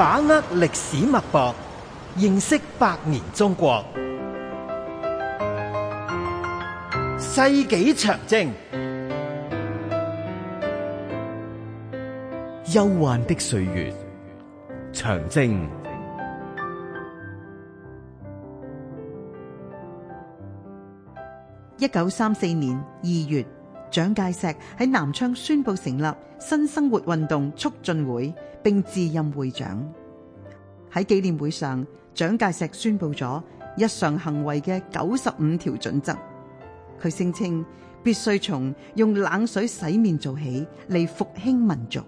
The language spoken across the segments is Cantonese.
把握歷史脈搏，認識百年中國。世紀長征，憂患的歲月，長征。一九三四年二月。蔣介石喺南昌宣布成立新生活運動促進會，並自任會長。喺紀念會上，蔣介石宣布咗日常行為嘅九十五條準則。佢聲稱必須從用冷水洗面做起嚟復興民族。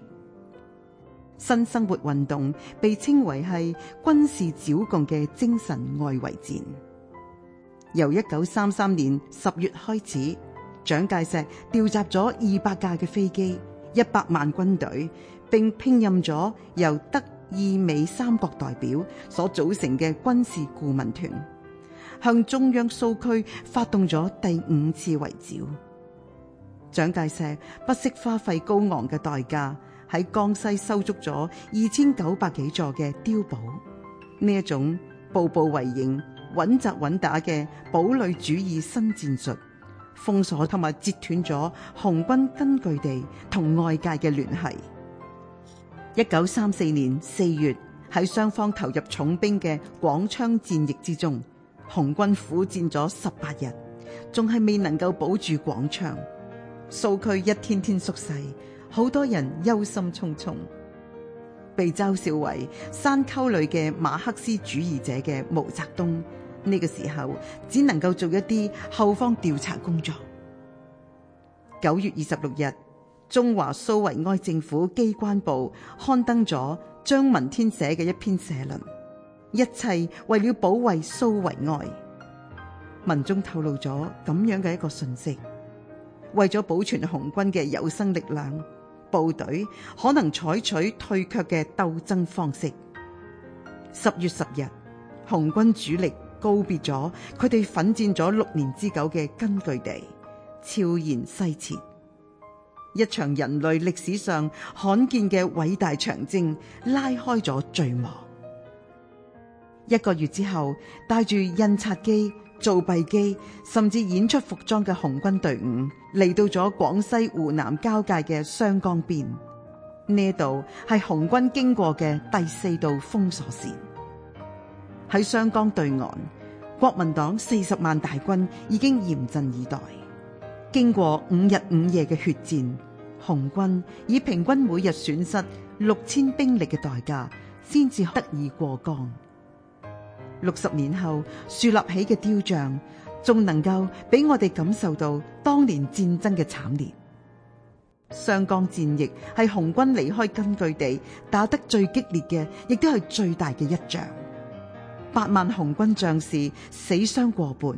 新生活運動被稱為係軍事剿共嘅精神外圍戰。由一九三三年十月開始。蔣介石調集咗二百架嘅飛機、一百萬軍隊，並聘任咗由德、意、美三國代表所組成嘅軍事顧問團，向中央蘇區發動咗第五次圍剿。蔣介石不惜花費高昂嘅代價，喺江西收足咗二千九百幾座嘅碉堡，呢一種步步為營、穩紮穩打嘅堡壘主義新戰術。封鎖同埋截斷咗紅軍根據地同外界嘅聯繫。一九三四年四月，喺雙方投入重兵嘅廣昌戰役之中，紅軍苦戰咗十八日，仲係未能夠保住廣昌，蘇區一天天縮細，好多人憂心忡忡。被嘲笑為山溝裏嘅馬克思主義者嘅毛澤東。呢個時候只能夠做一啲後方調查工作。九月二十六日，中華蘇維埃政府機關報刊登咗張聞天寫嘅一篇社論，一切為了保衛蘇維埃。文中透露咗咁樣嘅一個訊息：為咗保存紅軍嘅有生力量，部隊可能採取退卻嘅鬥爭方式。十月十日，紅軍主力。告別咗佢哋奮戰咗六年之久嘅根據地，悄然西撤。一場人類歷史上罕見嘅偉大長征拉開咗序幕。一個月之後，帶住印刷機、造幣機，甚至演出服裝嘅紅軍隊伍嚟到咗廣西湖南交界嘅湘江邊。呢度係紅軍經過嘅第四道封鎖線。喺湘江對岸，國民黨四十萬大軍已經嚴陣以待。經過五日五夜嘅血戰，紅軍以平均每日損失六千兵力嘅代價，先至得以過江。六十年後樹立起嘅雕像，仲能夠俾我哋感受到當年戰爭嘅慘烈。湘江戰役係紅軍離開根據地打得最激烈嘅，亦都係最大嘅一仗。八萬紅軍將士死傷過半，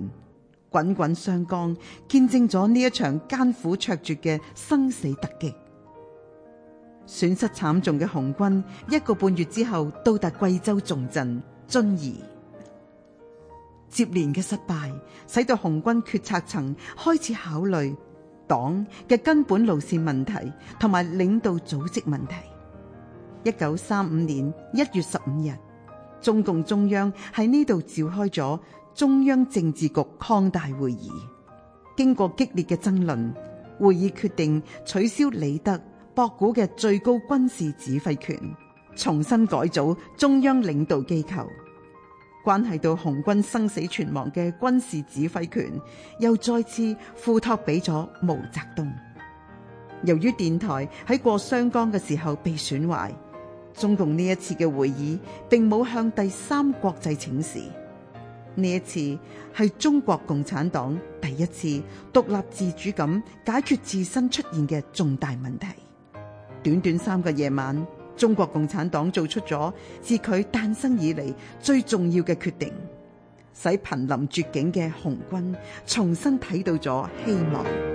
滾滾湘江見證咗呢一場艱苦卓絕嘅生死突擊。損失慘重嘅紅軍，一個半月之後到達貴州重鎮遵義。接連嘅失敗，使到紅軍決策層開始考慮黨嘅根本路線問題同埋領導組織問題。一九三五年一月十五日。中共中央喺呢度召開咗中央政治局擴大會議，經過激烈嘅爭論，會議決定取消李德博古嘅最高軍事指揮權，重新改組中央領導機構。關係到紅軍生死存亡嘅軍事指揮權，又再次付託俾咗毛澤東。由於電台喺過湘江嘅時候被損壞。中共呢一次嘅會議，並冇向第三國際請示。呢一次係中國共產黨第一次獨立自主咁解決自身出現嘅重大問題。短短三個夜晚，中國共產黨做出咗自佢誕生以嚟最重要嘅決定，使瀕臨絕境嘅紅軍重新睇到咗希望。